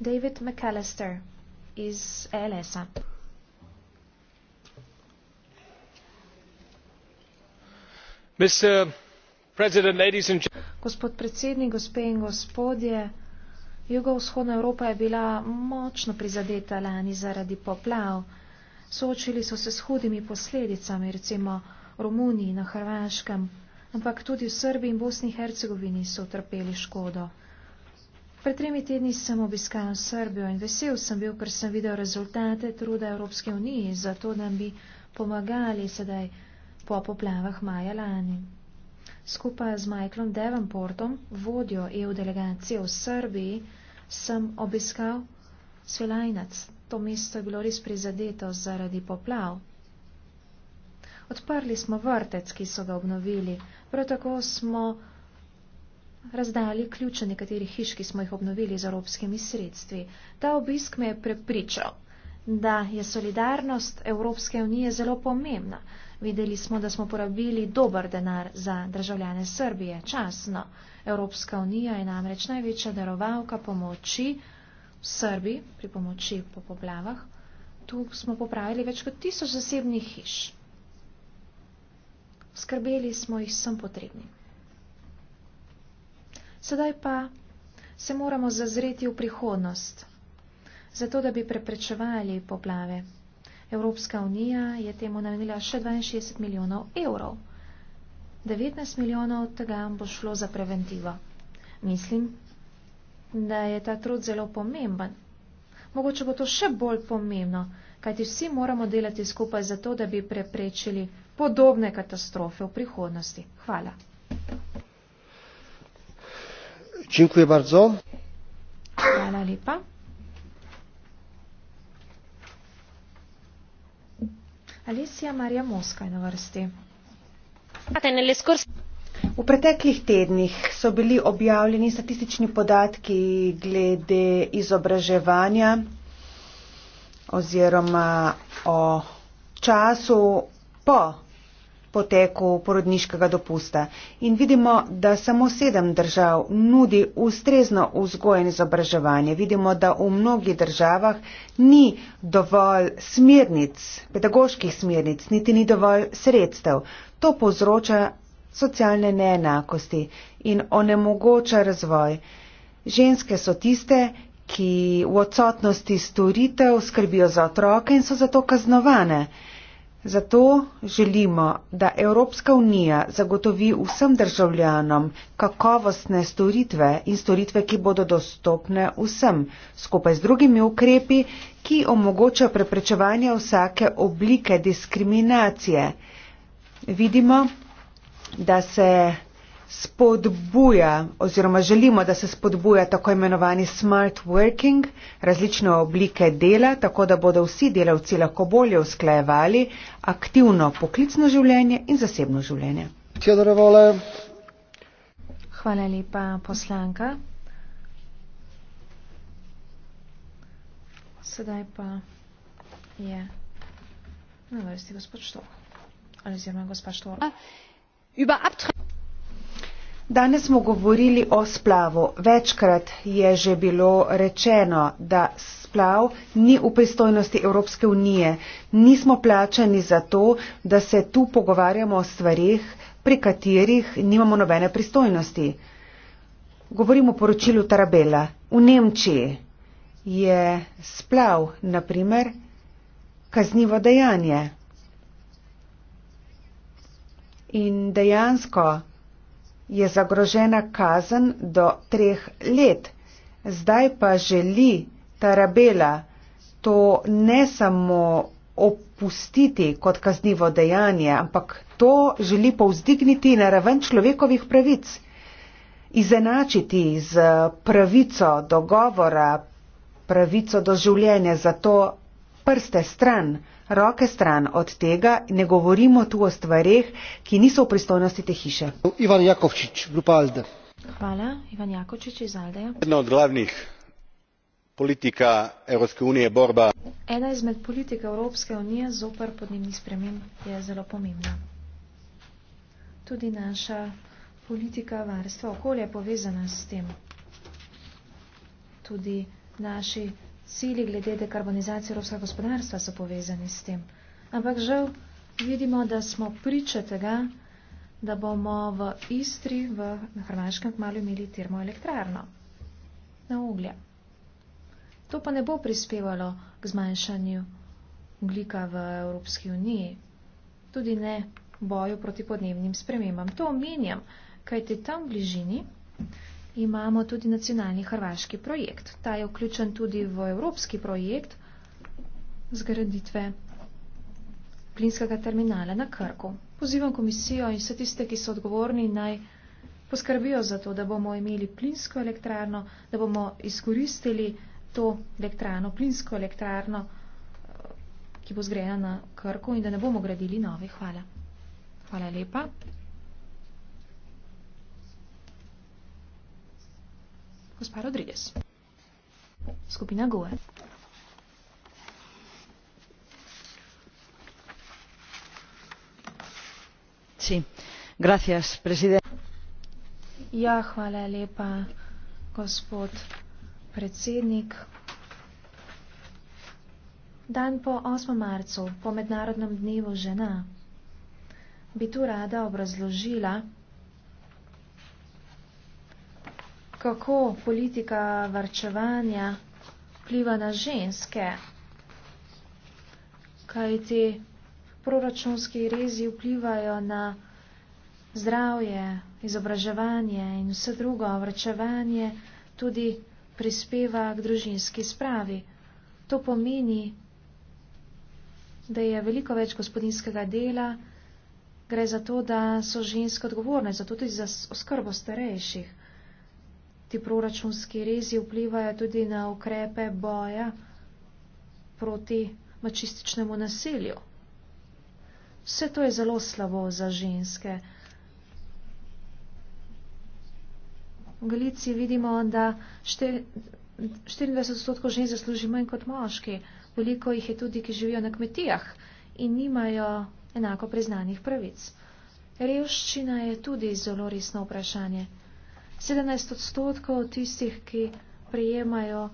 David McAllister iz ELS-a. Gospod predsednik, gospe in gospodje, jugovzhodna Evropa je bila močno prizadeta lani zaradi poplav. Soočili so se s hudimi posledicami, recimo v Romuniji, na Hrvaškem, ampak tudi v Srbiji in Bosni in Hercegovini so trpeli škodo. Pred tremi tedni sem obiskal Srbijo in vesel sem bil, ker sem videl rezultate truda Evropske unije za to, da bi pomagali sedaj po poplavah maja lani. Skupaj z Michaelom Devonportom, vodjo EU delegacije v Srbiji, sem obiskal Svilajnac. To mesto je bilo res prizadeto zaradi poplav. Odprli smo vrtec, ki so ga obnovili. Prav tako smo razdali ključe nekaterih hiš, ki smo jih obnovili z evropskimi sredstvi. Ta obisk me je prepričal, da je solidarnost Evropske unije zelo pomembna. Videli smo, da smo porabili dober denar za državljane Srbije, časno. Evropska unija je namreč največja darovalka pomoči v Srbiji pri pomoči po poplavah. Tu smo popravili več kot tisoč zasebnih hiš. Skrbeli smo jih sem potrebnim. Sedaj pa se moramo zazreti v prihodnost, zato da bi preprečevali poplave. Evropska unija je temu namenila še 62 milijonov evrov. 19 milijonov tega bo šlo za preventivo. Mislim, da je ta trud zelo pomemben. Mogoče bo to še bolj pomembno, kajti vsi moramo delati skupaj zato, da bi preprečili podobne katastrofe v prihodnosti. Hvala. Dziękuję bardzo. Pana Lipa. Alicia Maria Mosca je na vrsti. V preteklih tednih so bili objavljeni statistični podatki glede izobraževanja oziroma o času po poteku porodniškega dopusta in vidimo, da samo sedem držav nudi ustrezno vzgoj in izobraževanje. Vidimo, da v mnogih državah ni dovolj smernic, pedagoških smernic, niti ni dovolj sredstev. To povzroča socialne neenakosti in onemogoča razvoj. Ženske so tiste, ki v odsotnosti storitev skrbijo za otroke in so zato kaznovane. Zato želimo, da Evropska unija zagotovi vsem državljanom kakovostne storitve in storitve, ki bodo dostopne vsem, skupaj z drugimi ukrepi, ki omogočajo preprečevanje vsake oblike diskriminacije. Vidimo, da se spodbuja oziroma želimo, da se spodbuja tako imenovani smart working, različne oblike dela, tako da bodo vsi delavci lahko bolje usklajevali aktivno poklicno življenje in zasebno življenje. Hvala lepa, poslanka. Sedaj pa je na vrsti gospod Štoh. Oziroma gospod Štoh. Danes smo govorili o splavu. Večkrat je že bilo rečeno, da splav ni v pristojnosti Evropske unije. Nismo plačani za to, da se tu pogovarjamo o stvarih, pri katerih nimamo nobene pristojnosti. Govorimo o poročilu Tarabela. V Nemčiji je splav, naprimer, kaznivo dejanje. In dejansko je zagrožena kazen do treh let. Zdaj pa želi Tarabela to ne samo opustiti kot kaznivo dejanje, ampak to želi povzdigniti na raven človekovih pravic, izenačiti z pravico dogovora, pravico do življenja, zato prste stran roke stran od tega, ne govorimo tu o stvarih, ki niso v pristojnosti te hiše. Ivan Jakovčič, grupa Alde. Hvala, Ivan Jakovčič iz Alde. Jedna od glavnih politika Evropske unije je borba. Ena izmed politik Evropske unije zoper podnebni sprememb je zelo pomembna. Tudi naša politika varstva okolja je povezana s tem. Tudi naši cilji glede dekarbonizacije evropskega gospodarstva so povezani s tem. Ampak žal vidimo, da smo priče tega, da bomo v Istri, v, na Hrvaškem, kmalo imeli termoelektrarno na uglja. To pa ne bo prispevalo k zmanjšanju oglika v Evropski uniji, tudi ne boju proti podnebnim spremembam. To omenjam, kajte tam v bližini imamo tudi nacionalni hrvaški projekt. Ta je vključen tudi v evropski projekt zgraditve plinskega terminala na Krku. Pozivam komisijo in vse tiste, ki so odgovorni, naj poskrbijo za to, da bomo imeli plinsko elektrarno, da bomo izkoristili to elektrarno, plinsko elektrarno, ki bo zgrajena na Krku in da ne bomo gradili nove. Hvala. Hvala lepa. Gospa Rodriguez. Skupina Gue. Sí. Gracias, presidente. Ja, hvala lepa, gospod predsednik. Dan po 8. marcu, po mednarodnem dnevu žena, bi tu rada obrazložila, kako politika varčevanja pliva na ženske, kaj ti proračunski rezi vplivajo na zdravje, izobraževanje in vse drugo varčevanje tudi prispeva k družinski spravi. To pomeni, da je veliko več gospodinskega dela, gre za to, da so ženske odgovorne, zato tudi za oskrbo starejših ti proračunski rezi vplivajo tudi na ukrepe boja proti mačističnemu nasilju. Vse to je zelo slabo za ženske. V Galiciji vidimo, da 24 odstotkov žensk zasluži manj kot moški. Veliko jih je tudi, ki živijo na kmetijah in nimajo enako priznanih pravic. Revščina je tudi zelo resno vprašanje. 17 odstotkov tistih, ki prejemajo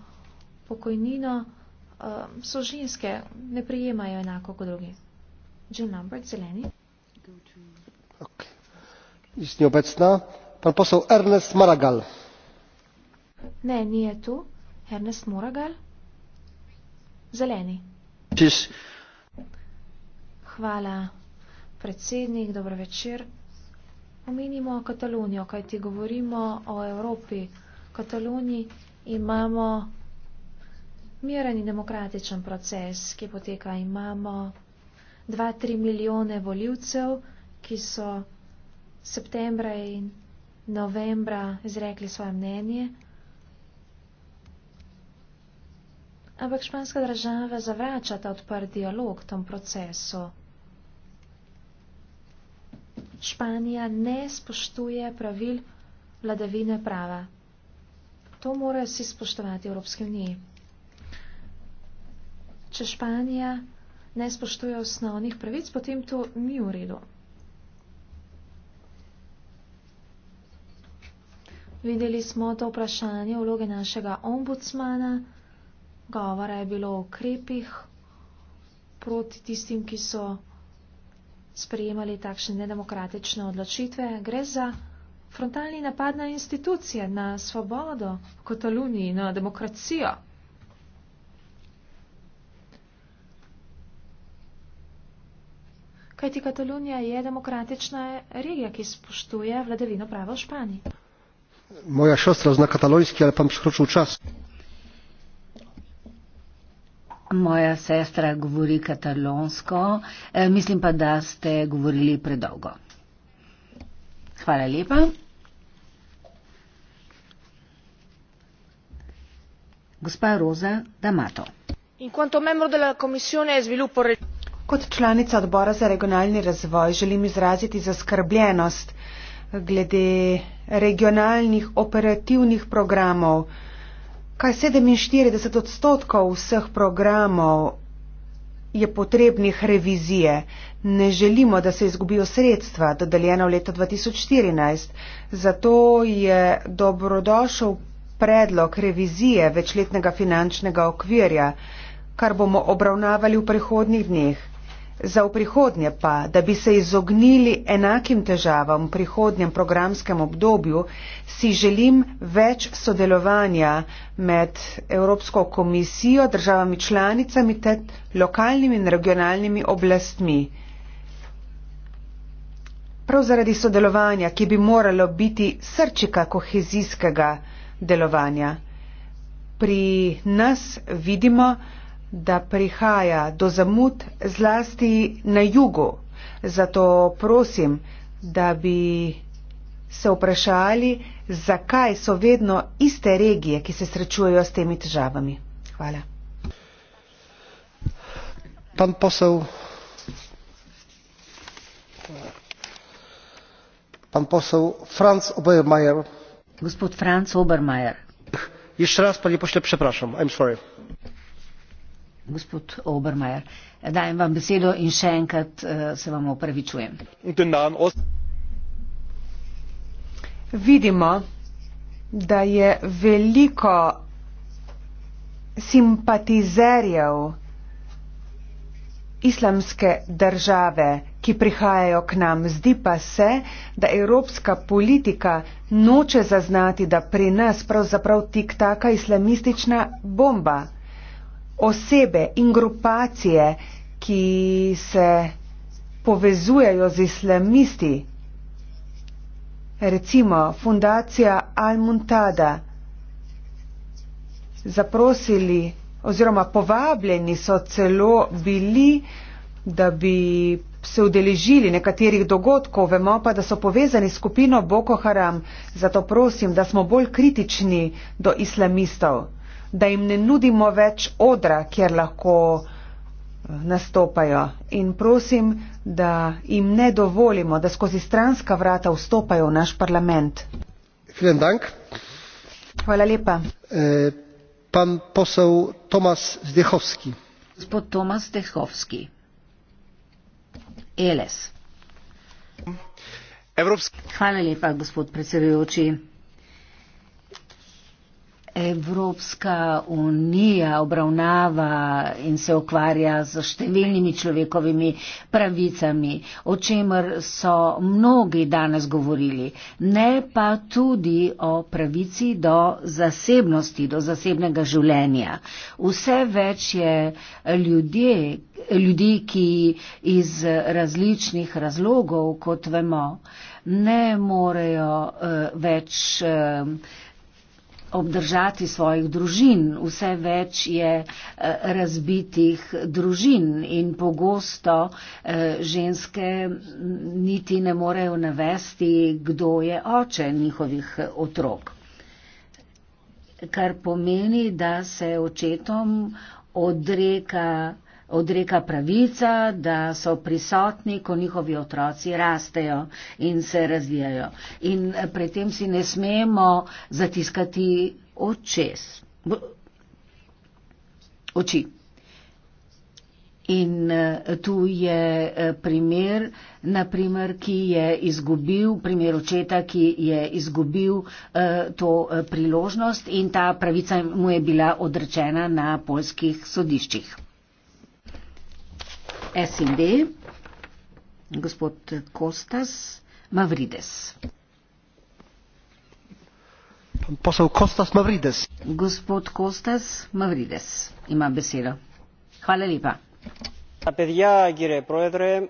pokojnino, um, so ženske, ne prejemajo enako kot drugi. John Lambert, zeleni. Okay. Isti obecna. Pan posel Ernest Maragal. Ne, ni je tu. Ernest Maragal. Zeleni. Cheers. Hvala, predsednik. Dobro večer omenimo Katalonijo, kajti govorimo o Evropi. V Kataloniji imamo miren in demokratičen proces, ki poteka. Imamo 2-3 milijone voljivcev, ki so septembra in novembra izrekli svoje mnenje. Ampak španska država zavrača ta odprt dialog v tem procesu. Španija ne spoštuje pravil vladavine prava. To morajo vsi spoštovati Evropske unije. Če Španija ne spoštuje osnovnih pravic, potem to ni v redu. Videli smo to vprašanje vloge našega ombudsmana, govora je bilo o ukrepih proti tistim, ki so sprejemali takšne nedemokratične odločitve. Gre za frontalni napad na institucije, na svobodo v Kataluniji, na demokracijo. Kajti Katalunija je demokratična regija, ki spoštuje vladavino prava v Španiji. Moja sestra zna katalonski, ali pa mi skročil čas. Moja sestra govori katalonsko, eh, mislim pa, da ste govorili predolgo. Hvala lepa. Gospa Roza D'Amato. Kot članica odbora za regionalni razvoj želim izraziti zaskrbljenost glede regionalnih operativnih programov kaj 47 odstotkov vseh programov je potrebnih revizije. Ne želimo, da se izgubijo sredstva, dodeljena v letu 2014. Zato je dobrodošel predlog revizije večletnega finančnega okvirja, kar bomo obravnavali v prihodnjih dneh. Za prihodnje pa, da bi se izognili enakim težavam v prihodnjem programskem obdobju, si želim več sodelovanja med Evropsko komisijo, državami članicami ter lokalnimi in regionalnimi oblastmi. Prav zaradi sodelovanja, ki bi moralo biti srčika kohezijskega delovanja. Pri nas vidimo, da prihaja do zamud zlasti na jugu. Zato prosim, da bi se vprašali, zakaj so vedno iste regije, ki se srečujejo s temi težavami. Hvala. Pan posel. Pan posel Franz Obermeier. Gospod Franz Obermeier. Jeszcze raz, panie pośle, przepraszam. I'm sorry. Gospod Obermajer, dajem vam besedo in še enkrat eh, se vam opravičujem. Vidimo, da je veliko simpatizerjev islamske države, ki prihajajo k nam. Zdi pa se, da evropska politika noče zaznati, da pri nas pravzaprav tik taka islamistična bomba osebe in grupacije, ki se povezujejo z islamisti. Recimo fundacija Al-Muntada. Zaprosili oziroma povabljeni so celo bili, da bi se udeležili nekaterih dogodkov, vemo pa, da so povezani s skupino Boko Haram, zato prosim, da smo bolj kritični do islamistov da jim ne nudimo več odra, kjer lahko eh, nastopajo. In prosim, da jim ne dovolimo, da skozi stranska vrata vstopajo v naš parlament. Hvala lepa. Eh, e, pan posel Tomas Zdehovski. Gospod Tomas Zdehovski. Eles. Evropski. Hvala lepa, gospod predsedujoči. Evropska unija obravnava in se ukvarja z številnimi človekovimi pravicami, o čemer so mnogi danes govorili, ne pa tudi o pravici do zasebnosti, do zasebnega življenja. Vse več je ljudje, ljudi, ki iz različnih razlogov, kot vemo, ne morejo uh, več uh, obdržati svojih družin. Vse več je eh, razbitih družin in pogosto eh, ženske niti ne morejo navesti, kdo je oče njihovih eh, otrok. Kar pomeni, da se očetom odreka odreka pravica, da so prisotni, ko njihovi otroci rastejo in se razvijajo. In eh, pri tem si ne smemo zatiskati očes. oči. In eh, tu je eh, primer, naprimer, ki je izgubil, primer očeta, ki je izgubil to priložnost in ta pravica mu je bila odrečena na polskih sodiščih. SND, gospod Kostas Mavrides. Posel Kostas Mavrides. Gospod Kostas Mavrides ima besedo. Hvala lepa. Apedja, gire, proedre.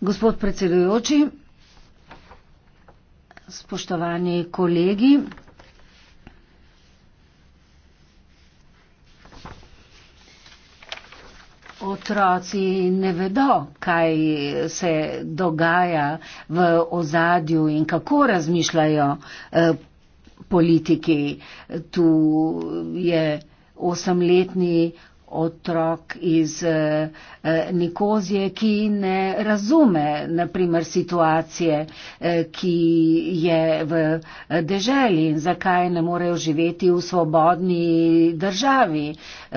Gospod predsedujoči, spoštovani kolegi, otroci ne vedo, kaj se dogaja v ozadju in kako razmišljajo eh, politiki. Tu je osemletni otrok iz eh, eh, Nikozije, ki ne razume naprimer, situacije, eh, ki je v deželi in zakaj ne morejo živeti v svobodni državi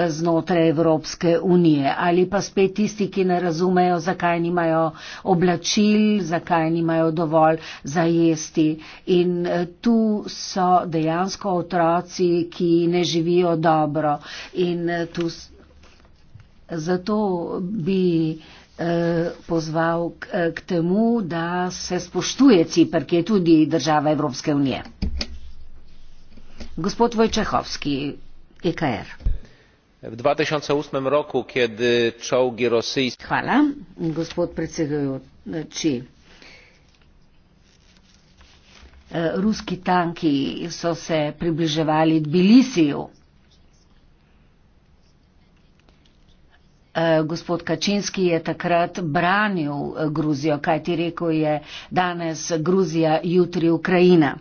znotraj Evropske unije. Ali pa spet tisti, ki ne razumejo, zakaj nimajo oblačil, zakaj nimajo dovolj za jesti. In tu so dejansko otroci, ki ne živijo dobro. In tu Zato bi eh, pozval k, eh, k temu, da se spoštuje Cipr, ki je tudi država Evropske unije. Gospod Vojčehovski, EKR. V 2008 roku, kjede čovgi rosijski. Hvala, gospod predsedujoči. Eh, ruski tanki so se približevali Tbilisiju. Eh, gospod Kačinski je takrat branil eh, Gruzijo, kaj ti rekel je danes Gruzija, jutri Ukrajina.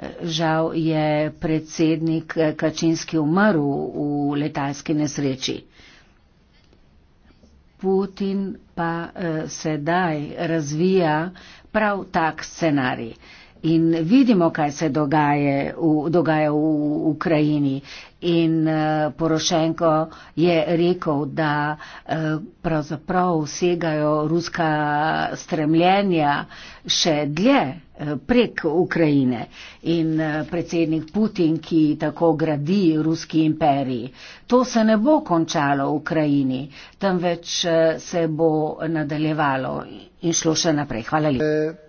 Eh, žal je predsednik Kačinski umrl v letalski nesreči. Putin pa sedaj razvija prav tak scenarij in vidimo, kaj se dogaja v, dogaja v Ukrajini. In uh, Porošenko je rekel, da uh, pravzaprav vsegajo ruska stremljenja še dlje eh, prek Ukrajine in predsednik Putin, ki tako gradi ruski imperij. To se ne bo končalo v Ukrajini, temveč se bo nadaljevalo in šlo še naprej. Hvala lepa.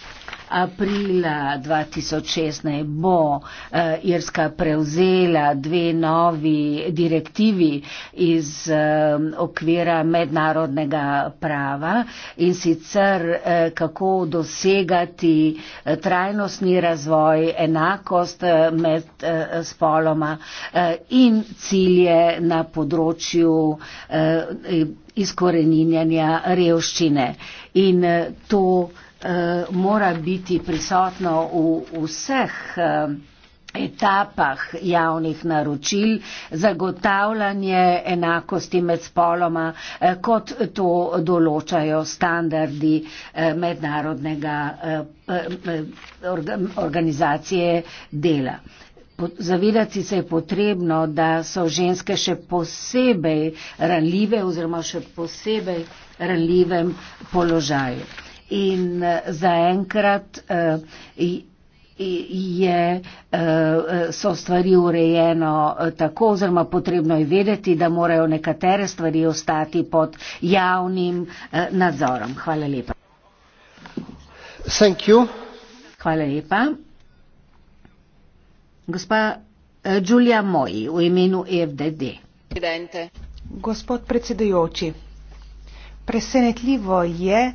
aprila 2016 bo uh, Irska prevzela dve novi direktivi iz uh, okvira mednarodnega prava in sicer uh, kako dosegati trajnostni razvoj, enakost med uh, spoloma uh, in cilje na področju uh, izkoreninjanja revščine. In, uh, Eh, mora biti prisotno v vseh eh, etapah javnih naročil, zagotavljanje enakosti med spoloma, eh, kot to določajo standardi mednarodnega organizacije dela. Zavedati se je potrebno, da so ženske še posebej ranljive oziroma še posebej ranljivem položaju in eh, zaenkrat eh, je, eh, so stvari urejeno tako, oziroma potrebno je vedeti, da morajo nekatere stvari ostati pod javnim nadzorom. Hvala lepa. Thank you. Hvala lepa. Gospa Đulija Moji v imenu FDD. Gospod predsedujoči, presenetljivo je,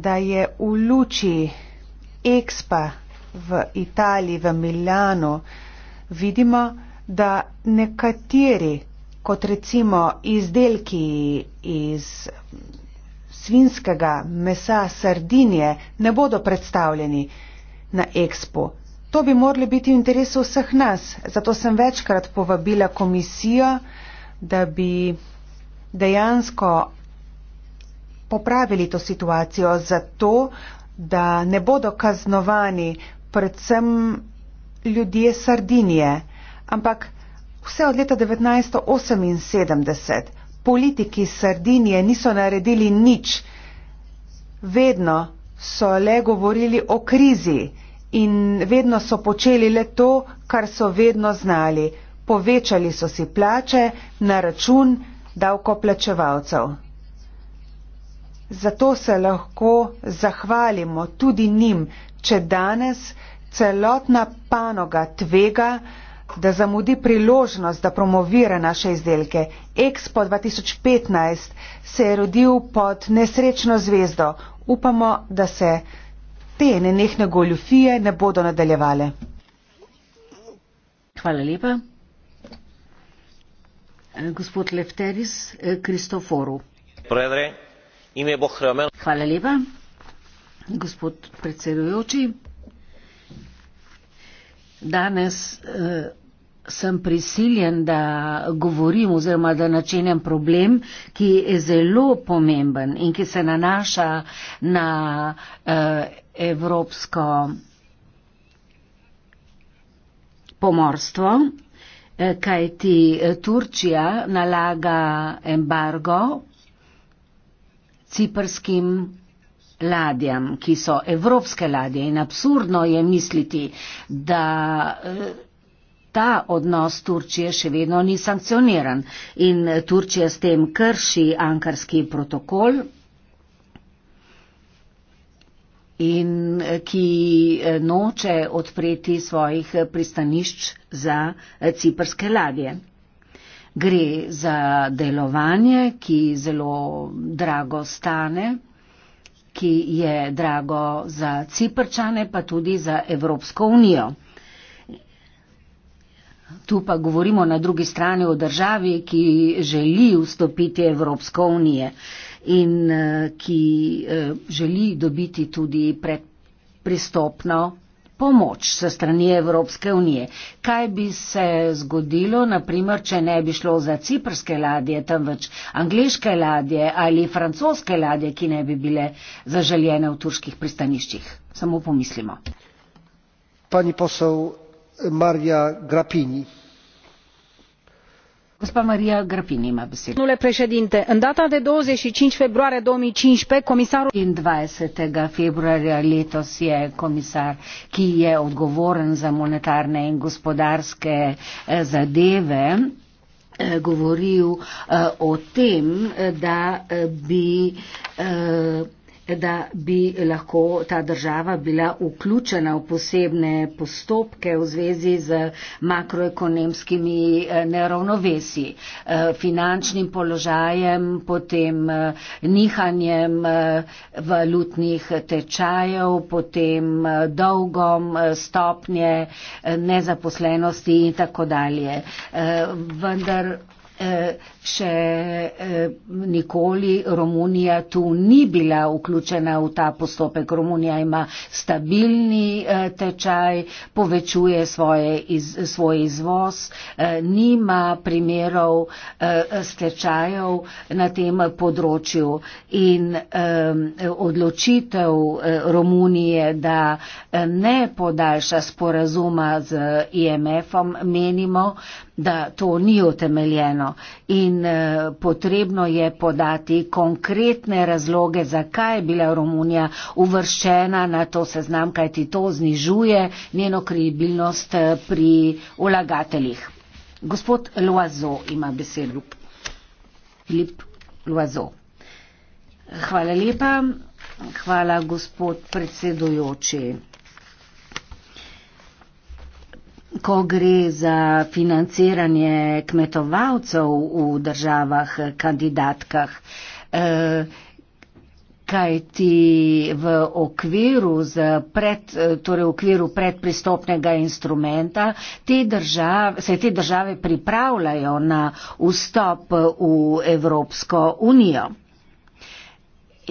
da je v luči Expa v Italiji, v Milano, vidimo, da nekateri, kot recimo izdelki iz svinskega mesa Sardinije, ne bodo predstavljeni na Expo. To bi moralo biti v interesu vseh nas, zato sem večkrat povabila komisijo, da bi dejansko popravili to situacijo zato, da ne bodo kaznovani predvsem ljudje Sardinije, ampak vse od leta 1978 politiki Sardinije niso naredili nič. Vedno so le govorili o krizi in vedno so počeli le to, kar so vedno znali. Povečali so si plače na račun davkoplačevalcev. Zato se lahko zahvalimo tudi njim, če danes celotna panoga tvega, da zamudi priložnost, da promovira naše izdelke. Expo 2015 se je rodil pod nesrečno zvezdo. Upamo, da se te nenehne goljufije ne bodo nadaljevale. Hvala lepa. Eh, gospod Lefteris eh, Kristoforu. Predre. Ime bo hromen. Hvala lepa, gospod predsedujoči. Danes eh, sem prisiljen, da govorim oziroma da načenjam problem, ki je zelo pomemben in ki se nanaša na eh, evropsko pomorstvo, eh, kajti eh, Turčija nalaga embargo ciprskim ladjam, ki so evropske ladje. In absurdno je misliti, da eh, ta odnos Turčije še vedno ni sankcioniran in Turčija s tem krši ankarski protokol. In eh, ki eh, noče odpreti svojih pristanišč za ciprske ladje gre za delovanje, ki zelo drago stane, ki je drago za Ciprčane, pa tudi za Evropsko unijo. Tu pa govorimo na drugi strani o državi, ki želi vstopiti Evropsko unije in eh, ki eh, želi dobiti tudi predpristopno pomoč se strani Evropske unije. Kaj bi se zgodilo, naprimer, če ne bi šlo za ciprske ladje, temveč angliške ladje ali francoske ladje, ki ne bi bile zaželjene v turških pristaniščih? Samo pomislimo. Pani posel Marija Grapini în data de 25 februarie 2015, comisarul din 20 februarie letos je komisar, ki je odgovoren za monetarne in gospodarske eh, zadeve, eh, govoril eh, o tem, da bi da bi lahko ta država bila vključena v posebne postopke v zvezi z makroekonomskimi eh, neravnovesji, eh, finančnim položajem, potem eh, nihanjem valutnih tečajev, potem dolgom, stopnje nezaposlenosti in tako dalje. Vendar še eh, nikoli Romunija tu ni bila vključena v ta postopek. Romunija ima stabilni eh, tečaj, povečuje svoje iz, svoj izvoz, eh, nima primerov stečajev na tem področju in odločitev Romunije, da ne podaljša sporazuma z IMF-om, menimo, da to ni utemeljeno. In in eh, potrebno je podati konkretne razloge, zakaj je bila Romunija uvrščena na to seznam, kajti to znižuje njeno kredibilnost eh, pri vlagateljih. Gospod Loazo ima besedo. Filip Loazo. Hvala lepa. Hvala, gospod predsedujoči. Ko gre za financiranje kmetovalcev v državah kandidatkah, eh, kaj ti v okviru, pred, torej v okviru predpristopnega instrumenta te države, se te države pripravljajo na vstop v Evropsko unijo.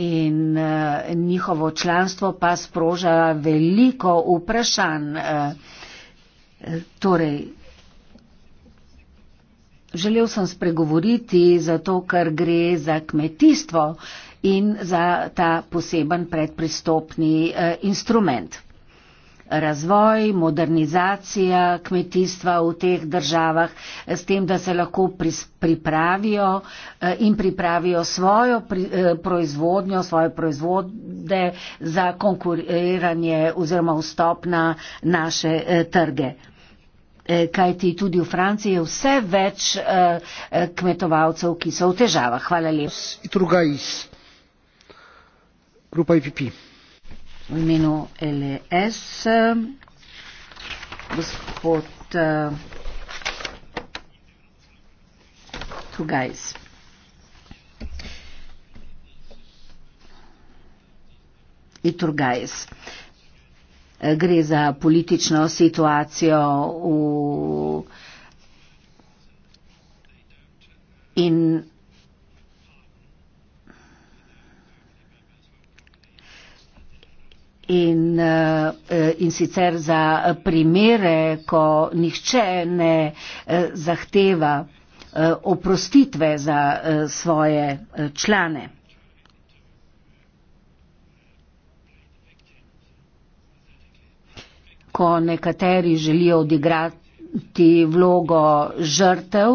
In eh, njihovo članstvo pa sproža veliko vprašanj. Eh, Torej, želel sem spregovoriti zato, ker gre za kmetijstvo in za ta poseben predpristopni eh, instrument. Razvoj, modernizacija kmetijstva v teh državah eh, s tem, da se lahko pripravijo eh, in pripravijo svojo proizvodnjo, svoje proizvode za konkuriranje oziroma vstop na naše trge. Eh, kajti tudi v Franciji je vse več eh, eh, kmetovalcev, ki so v težavah. Hvala lepa. E v imenu LES, gospod Tugajs. Iturgajs gre za politično situacijo v in In, eh, in sicer za primere, ko nihče ne eh, zahteva eh, oprostitve za svoje člane. ko nekateri želijo odigrati vlogo žrtev,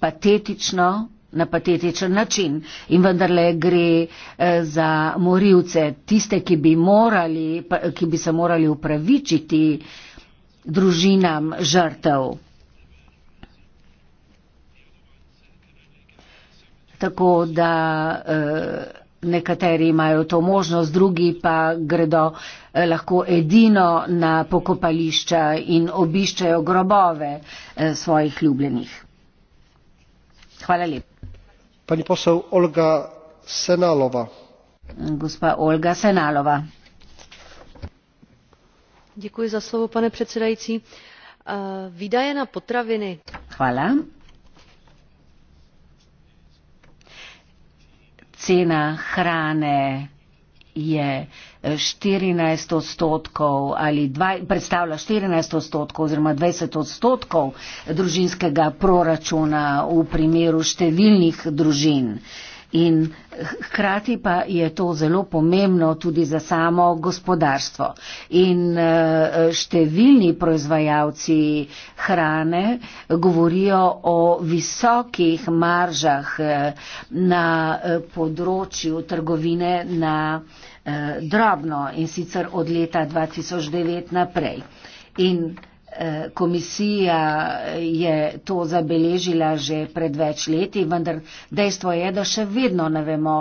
patetično, na patetičen način. In vendarle gre eh, za morilce, tiste, ki bi, morali, ki bi se morali upravičiti družinam žrtev. Tako da. Eh, Nekateri imajo to možnost, drugi pa gredo eh, lahko edino na pokopališča in obiščajo grobove eh, svojih ljubljenih. Hvala lepa. Pani posel Olga Senalova. Gospa Olga Senalova. Děkuji za slovo, pane předsedající. Eh, výdaje na potraviny. Hvala. cena hrane je 14 eh, odstotkov ali dva, predstavlja 14 odstotkov oziroma 20 odstotkov družinskega proračuna v primeru številnih družin. Uh, in hkrati pa je to zelo pomembno tudi za samo gospodarstvo. In eh, številni proizvajalci hrane govorijo o visokih maržah eh, na eh, področju trgovine na drobno in sicer od leta 2009 naprej. In Komisija je to zabeležila že pred več leti, vendar dejstvo je, da še vedno ne vemo,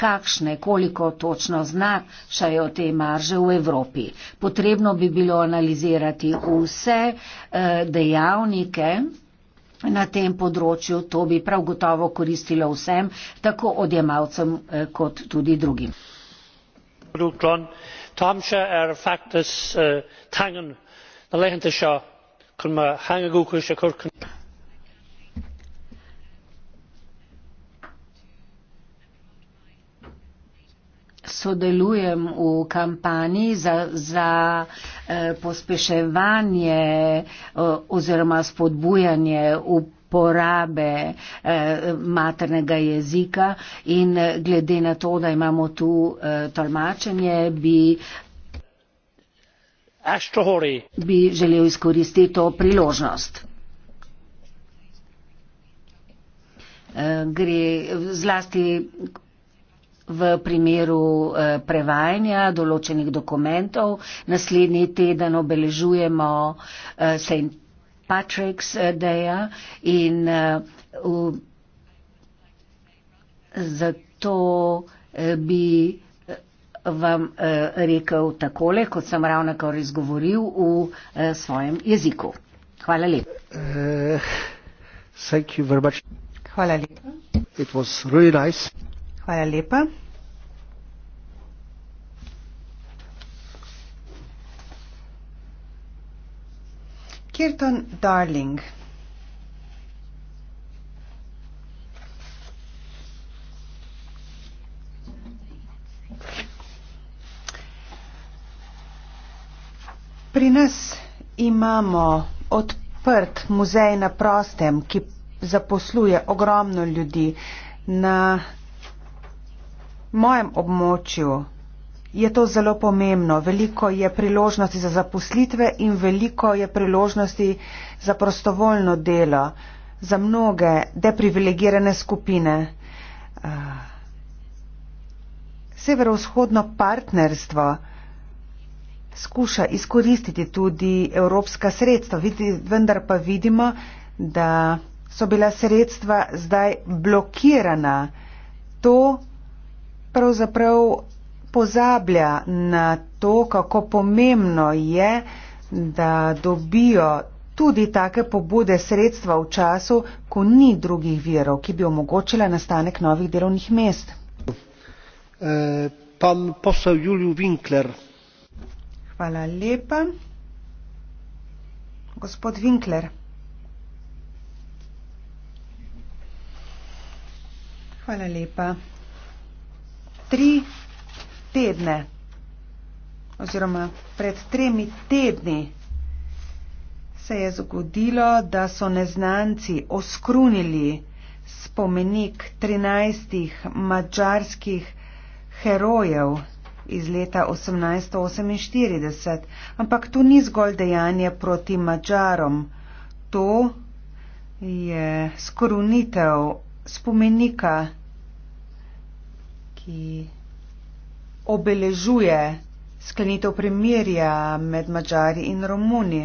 kakšne, koliko točno znašajo te marže v Evropi. Potrebno bi bilo analizirati vse eh, dejavnike na tem področju, to bi prav gotovo koristilo vsem, tako odjemalcem eh, kot tudi drugim. Tamša er faktus uh, eh, tangen leithéidí seo chun mo theangacú chun e a chur chun Sodelujem v kampanji za, za eh, pospeševanje eh, oziroma spodbujanje uporabe eh, maternega jezika in e, glede na to, da imamo tu eh, tolmačenje, bi bi želel izkoristiti to priložnost. Eh, gre zlasti v primeru eh, prevajanja določenih dokumentov. Naslednji teden obeležujemo eh, St. Patrick's Day in zato bi vam eh, rekel takole, kot sem ravno kar izgovoril v eh, svojem jeziku. Hvala lepa. Uh, Hvala lepa. It was really nice. Hvala lepa. Kirton Darling. Pri nas imamo odprt muzej na prostem, ki zaposluje ogromno ljudi. Na mojem območju je to zelo pomembno. Veliko je priložnosti za zaposlitve in veliko je priložnosti za prostovoljno delo za mnoge deprivilegirane skupine. Eh, severovzhodno partnerstvo skuša izkoristiti tudi evropska sredstva, vendar pa vidimo, da so bila sredstva zdaj blokirana. To pravzaprav pozablja na to, kako pomembno je, da dobijo tudi take pobude sredstva v času, ko ni drugih virov, ki bi omogočila nastanek novih delovnih mest. Eh, pan posel Juliju Winkler. Hvala lepa. Gospod Winkler. Hvala lepa. Tri tedne oziroma pred tremi tedni se je zgodilo, da so neznanci oskrunili spomenik 13 mačarskih herojev iz leta 1848, ampak to ni zgolj dejanje proti Mačarom. To je skorunitev spomenika, ki obeležuje sklenitev premirja med Mačari in Romuni.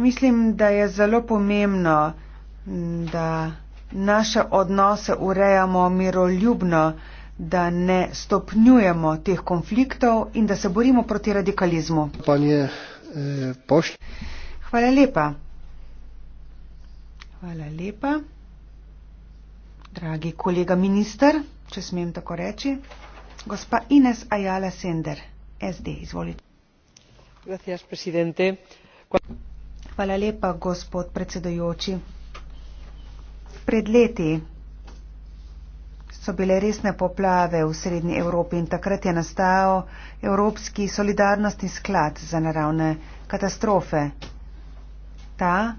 Mislim, da je zelo pomembno, da naše odnose urejamo miroljubno, da ne stopnjujemo teh konfliktov in da se borimo proti radikalizmu. Panje, eh, Hvala lepa. Hvala lepa. Dragi kolega minister, če smem tako reči, gospa Ines Ajala Sender, SD, izvolite. Gracias, Hvala lepa, gospod predsedujoči. Pred leti so bile resne poplave v srednji Evropi in takrat je nastal Evropski solidarnostni sklad za naravne katastrofe. Ta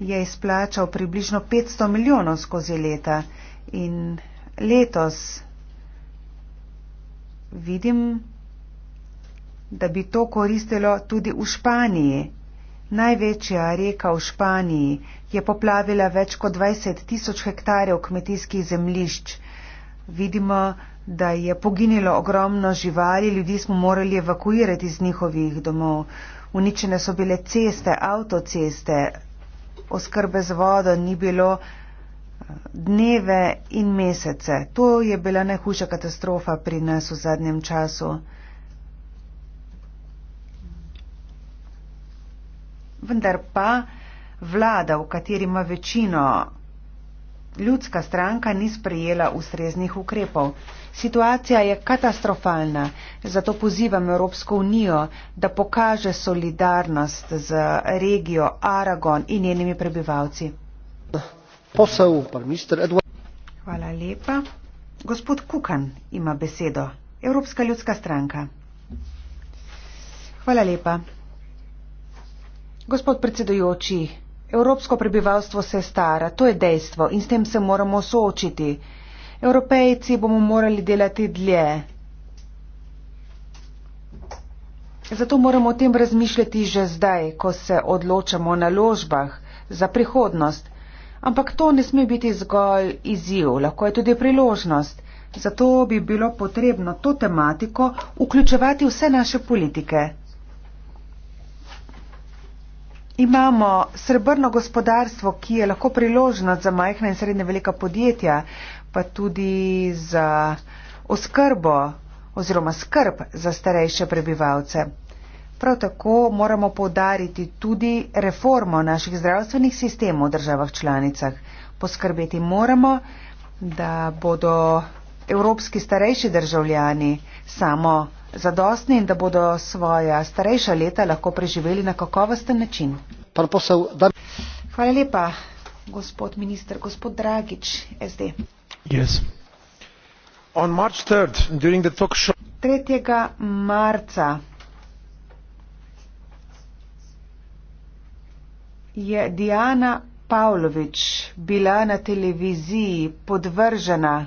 je izplačal približno 500 milijonov skozi leta in letos vidim, da bi to koristilo tudi v Španiji. Največja reka v Španiji je poplavila več kot 20 tisoč hektarjev kmetijskih zemlišč. Vidimo, da je poginilo ogromno živali, ljudi smo morali evakuirati iz njihovih domov. Uničene so bile ceste, avtoceste, oskrbe z vodo ni bilo dneve in mesece. To je bila najhujša katastrofa pri nas v zadnjem času. vendar pa vlada, v kateri ima večino ljudska stranka, ni sprejela ustreznih ukrepov. Situacija je katastrofalna, zato pozivam Evropsko unijo, da pokaže solidarnost z regijo Aragon in njenimi prebivalci. Posel, Hvala lepa. Gospod Kukan ima besedo. Evropska ljudska stranka. Hvala lepa. Gospod predsedujoči, evropsko prebivalstvo se stara, to je dejstvo in s tem se moramo soočiti. Evropejci bomo morali delati dlje. Zato moramo o tem razmišljati že zdaj, ko se odločamo na ložbah za prihodnost. Ampak to ne sme biti zgolj izjiv, lahko je tudi priložnost. Zato bi bilo potrebno to tematiko vključevati vse naše politike. Imamo srebrno gospodarstvo, ki je lahko priložnost za majhna in srednje velika podjetja, pa tudi za oskrbo oziroma skrb za starejše prebivalce. Prav tako moramo povdariti tudi reformo naših zdravstvenih sistemov v državah članicah. Poskrbeti moramo, da bodo evropski starejši državljani samo zadostni in da bodo svoja starejša leta lahko preživeli na kakovosten način. Posel, da... Hvala lepa, gospod minister, gospod Dragič, SD. Yes. 3. marca je Diana Pavlović bila na televiziji podvržena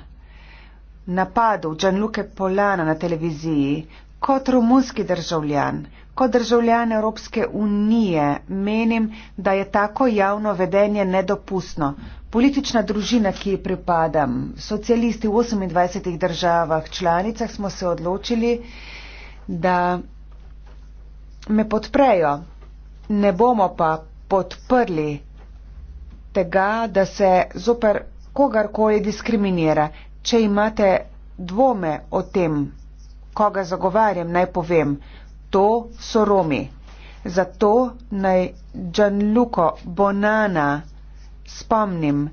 napadu Gianluca Polana na televiziji, kot romunski državljan, kot državljan Evropske unije, menim, da je tako javno vedenje nedopustno. Politična družina, ki ji pripadam, socialisti v 28 državah, članicah smo se odločili, da me podprejo. Ne bomo pa podprli tega, da se zoper kogarkoli diskriminira. Če imate dvome o tem, koga zagovarjam, naj povem, to so Romi. Zato naj Gianluco Bonana spomnim,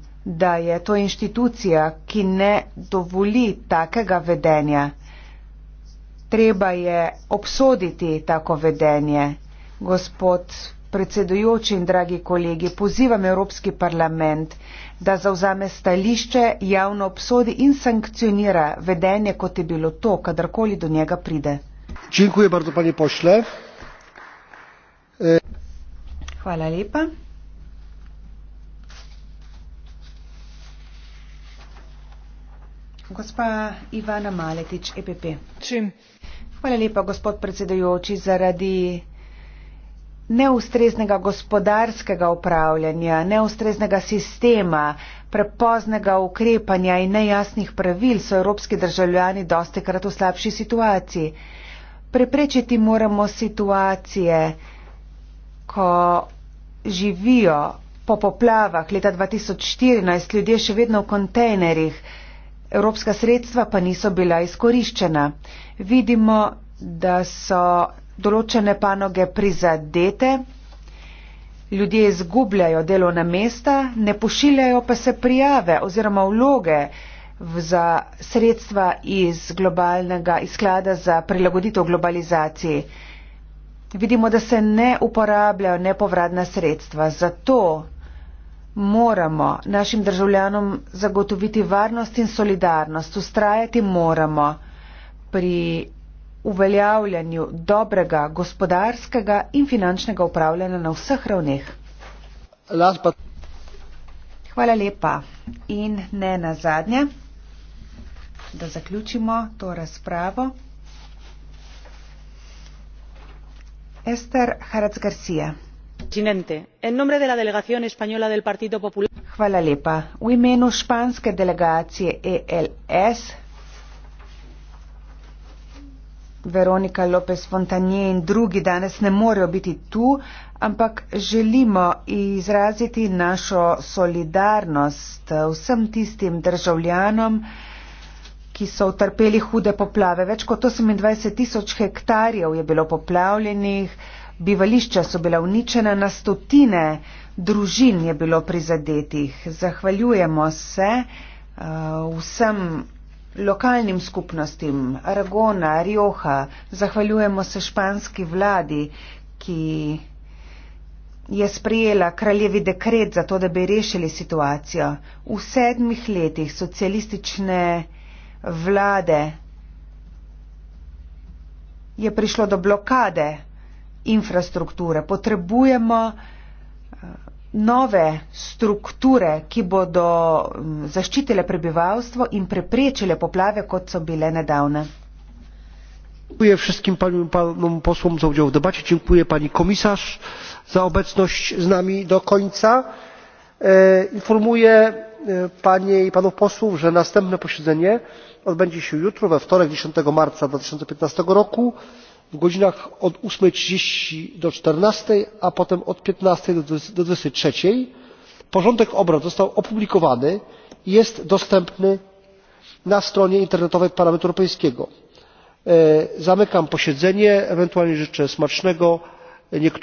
da je to inštitucija, ki ne dovoli takega vedenja. Treba je obsoditi tako vedenje. Gospod predsedujoči in dragi kolegi, pozivam Evropski parlament, da zauzame stališče, javno obsodi in sankcionira vedenje, kot je bilo to, kadarkoli do njega pride. Bardzo, pani pošle. E... Hvala lepa. Gospa Ivana Maletič, EPP. Čim. Hvala lepa, gospod predsedujoči, zaradi neustreznega gospodarskega upravljanja, neustreznega sistema, prepoznega ukrepanja in nejasnih pravil so evropski državljani dosti krat v slabši situaciji. Preprečiti moramo situacije, ko živijo po poplavah leta 2014 ljudje še vedno v kontejnerjih, evropska sredstva pa niso bila izkoriščena. Vidimo, da so določene panoge prizadete, ljudje izgubljajo delovna mesta, ne pošiljajo pa se prijave oziroma vloge za sredstva iz globalnega izklada za prilagoditev globalizaciji. Vidimo, da se ne uporabljajo nepovratna sredstva, zato moramo našim državljanom zagotoviti varnost in solidarnost, ustrajati moramo pri uveljavljanju dobrega gospodarskega in finančnega upravljanja na vseh ravneh. Hvala lepa. In ne na zadnje, da zaključimo to razpravo. Ester Harac Garcia. Hvala lepa. V imenu španske delegacije ELS Veronika Lopez Fontanje in drugi danes ne morejo biti tu, ampak želimo izraziti našo solidarnost eh, vsem tistim državljanom, ki so utrpeli hude poplave. Več kot 28 tisoč hektarjev je bilo poplavljenih, bivališča so bila uničena, na stotine družin je bilo prizadetih. Zahvaljujemo se uh, vsem lokalnim skupnostim Aragona, Rioja, zahvaljujemo se španski vladi, ki je sprejela kraljevi dekret za to, da bi rešili situacijo. V sedmih letih socialistične vlade je prišlo do blokade infrastrukture. Potrebujemo nove strukture, ki bodo mm, zaščitile prebivalstvo in preprečile poplave, kot so bile nedavne. Dziękuję wszystkim panom, panom posłom za udział w debacie. Dziękuję pani komisarz za obecność z nami do końca. E, informuję e, panie i panów posłów, że następne posiedzenie odbędzie się jutro, we wtorek 10 marca 2015 roku w godzinach od osiem trzydzieści do czternaście a potem od piętnaście do. dwadzieścia trzy porządek obrad został opublikowany i jest dostępny na stronie internetowej parlamentu europejskiego. E, zamykam posiedzenie ewentualnie życzę smacznego e,